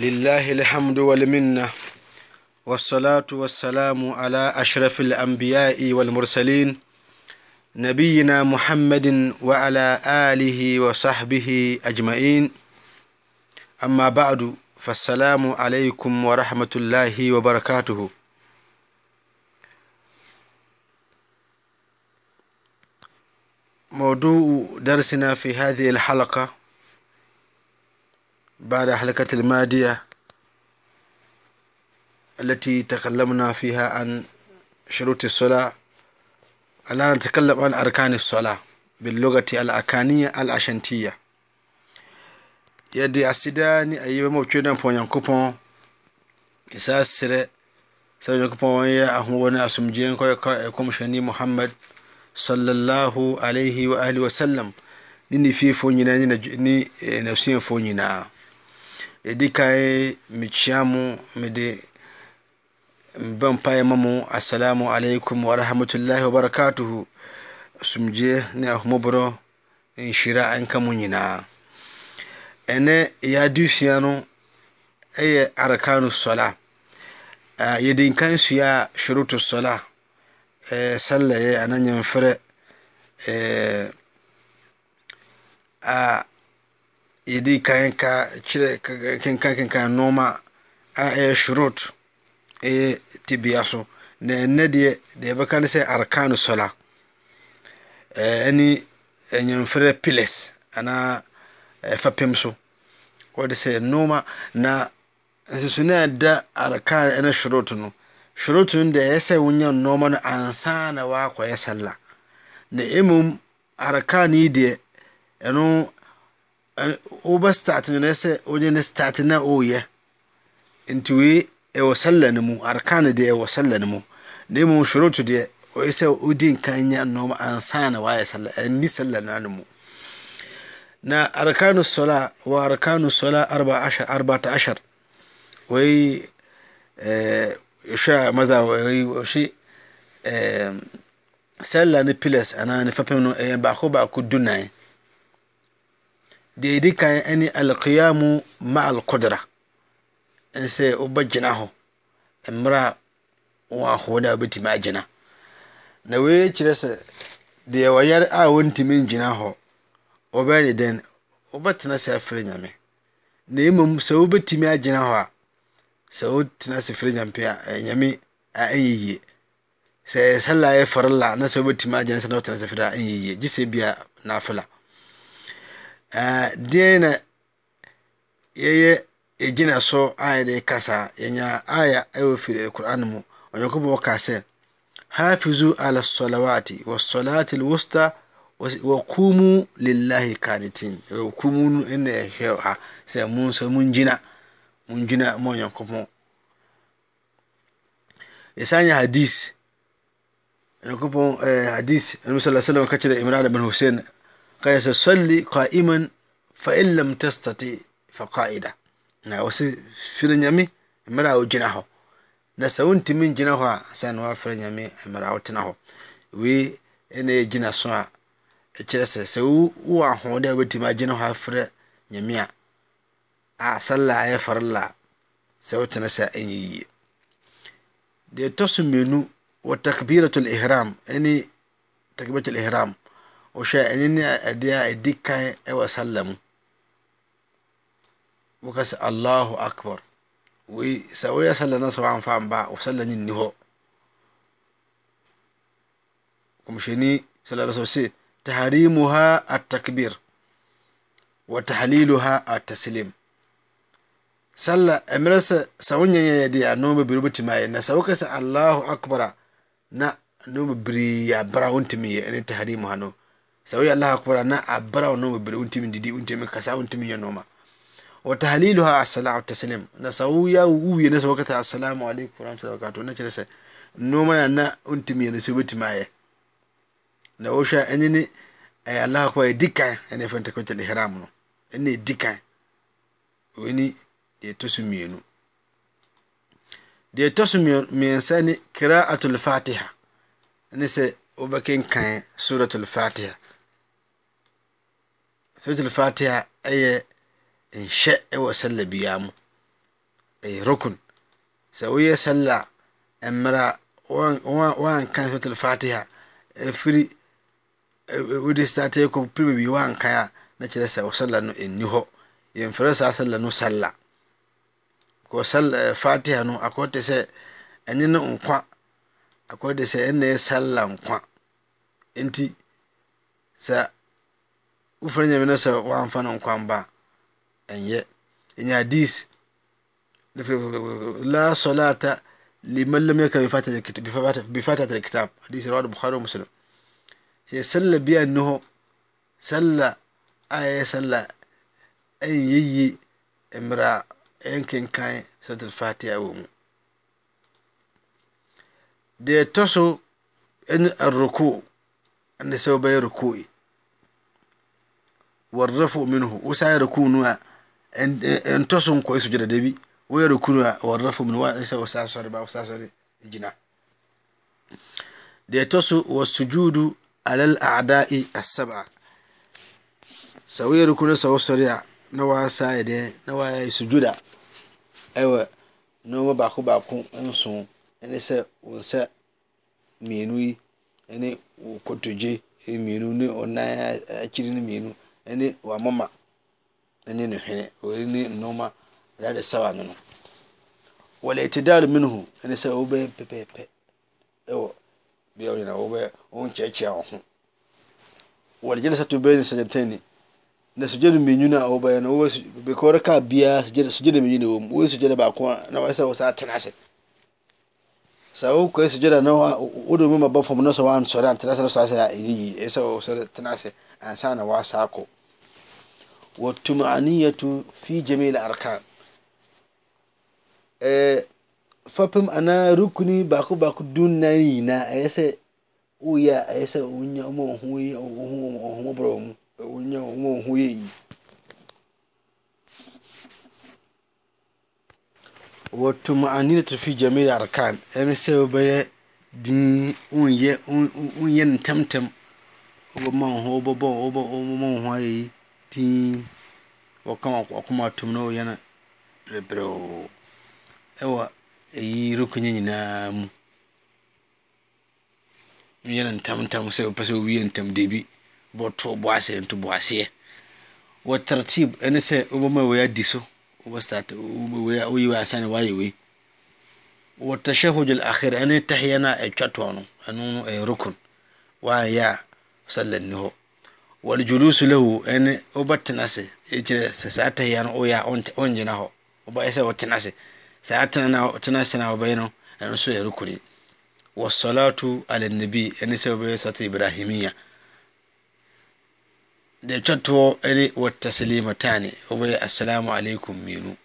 لله الحمد والمنة والصلاة والسلام على أشرف الأنبياء والمرسلين نبينا محمد وعلى آله وصحبه أجمعين أما بعد فالسلام عليكم ورحمة الله وبركاته موضوع درسنا في هذه الحلقة بعد حلقة الماضية التي تكلمنا فيها عن شروط الصلاة الآن نتكلم عن أركان الصلاة باللغة الأكانية الأشنتية yɛde aseda ne ayiwa ma otwe dɛmpa onyankopɔn ɛsaa serɛ sɛ onyankopɔn yɛ ahoɔ ne asomdwoe nkɔ yɛka ɛkɔmhyɛne muhammad sallallahu alaihi wa alihi wasallam ne ne fiefoɔ nyinaa ne nasuafoɔ nyinaa ɛdi kan mekyia mo mede meba mpaeɛ ma mo assalamu alaikum warahmatullahi wabarakatuhu asomdwoeɛ ne ahomɔborɔ ne nhyira nka mo nyinaa ɛnɛ yɛ no yɛ arkanu sola yɛde nkan sua shuruto sola sallayɛ anaa nyɛmferɛ a idi kayan ka cire kayan noma a e shurut e ti so na ne deɛ deɛ bɛka ne sɛ arkanu sola ɛne ɛnyɛmferɛ pillars anaa ɛfapem so wɔde sɛ noma na nsusu no a ɛda arkan ɛne shurut no shurut no deɛ ɛyɛ sɛ wonya nnoɔma no ansa na waakɔyɛ salla na mmom arkan yi deɛ ɛno wobɛ start no sɛ wode ne start na ɔreyɛ nti wei ɛwɔ sallah no mu arkan deɛ ɛwɔ sallah no mu na mmom shoroto deɛ ɔyɛ sɛ wodi nkan nya nnɔɔma ansa na waayɛ sallah ɛnni sallah no ano mu na arkanu sola wa arkanu sola arba ashar arba ta ashar wai e, sha maza wai shi e, sallah ni pilas ana ni fafin no ba e, ko ba ku dunai eikan akiam maakudra ɛ ina ii inaasɛim ina enas aɛtimi ina a deɛ na yɛyɛ ɛgyina so a yɛde kasa yɛnya aya ɛwɔ firi alquran mu onyankopɔn ɔka sɛ hafizu ala salawati salati alwusta kumu lillahi kanitin kumu no ya ɛhwɛ mun sɛ mu nso mungyina mungyina ma onyankopɔn yɛsan yɛ hadis onyankopɔn eh, hadis ɛnom sɛ sallam ka kyerɛ imran ibn hussein aa ala aaa iniisai وشاءنني أديك وأسلم وكس الله أكبر وسوي سلنا سواء فان با وسلني النهو ومشيني صلى الله عليه وسلم تحريمها التكبير وتحليلها التسليم sallah ɛmerɛ sɛ sɛ wonyɛ yɛ deɛ ano bebree wobɛtumi ayɛ na sɛ wokɛ allahu akbar a na ano bebree abra wontumi yɛ ɛne taharimu ha no ets mi sni kiraat lfatiha nese ekan ka surat alfatiha sol fatiha yɛ hyɛ wɔ salar biamu rkn sɛ wo yɛ salar mera wankasotlfatiha wdestatp wankaa nakyɛsɛ salar no ni hɔ yfrɛsasalar no salar sfatiha o aksɛ ɛyeno nkwa akdesɛ nɛ salar nkwa ti sa fankaydisla solata limalakatatakitasd buari wa musleme salla bia nõo sala a sala yeyi akekaɛ stifatɩwometɔsksɛ ba warrafu minhu wasa ya rukunu a entosun ko isu jira dabi wa ya rukunu a warrafu minhu wa isa wasa sori ba wasa sori ijina da ya tosu wa sujudu alal a a'da'i a saba sawiya rukunu sa wasa a, na wasa ya de na wa ya sujuda aiwa na wa baku baku en sun en isa wasa mienu yi ene wukotoje mienu ne onaya akiri ne mienu aa i a sa a in isasa at aniat i jel akaana kiaak da aɛɛɛɛa ania i lak ɛɛyɛn tam tam a ti wakoma tum na oyana brɛbrɛw ɛwɔ eyi rukuni nyinaa mu yɛn ntam ntam sɛ wopɛ sɛ wowie ntam debi bɔto boaseɛ nto boaseɛ wɔ tartib ɛne sɛ wobɛma wei adi so wobɛstat woyi wei ansa ne woayɛ wei wɔ tashahud alakhir ɛne tahiya no a ɛtwa toɔ no ɛno no ɛyɛ rukun woanyɛ a salla nni hɔ julusu lahu ɛne wobɛtena ase ɛkyerɛ sɛ saa tahia no woyɛ a wongyina hɔ wobɛyɛ sɛ wotena ase ta tena ase no a wobɛyɛ no ɛno so yɛre wa salatu ala nabi ɛni e sɛ wobɛyɛ sata ibrahimia da twatoɔ ne watasilimata wobɛyɛ assalamu alaikum minu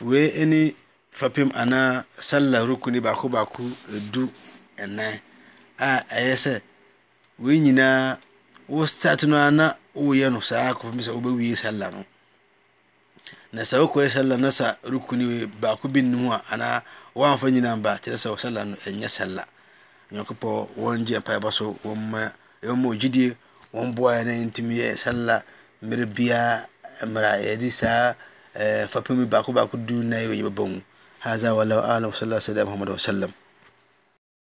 we ne fapim ana salla rukuni baako baako du ɛnan a ɛyɛ e sɛ wei nyinaa osatinana wiyɛn sakisobe wie sallan nesawokoɛ sallanasa rukunie baku binnima ana wanfa yinaba keɛsa salla ya salla kpɔ wajepabɔso mjidi wan buna intimi salla mr bia raisafapimibaku bakodnaebabaŋu haa wlala smhmadi wasalam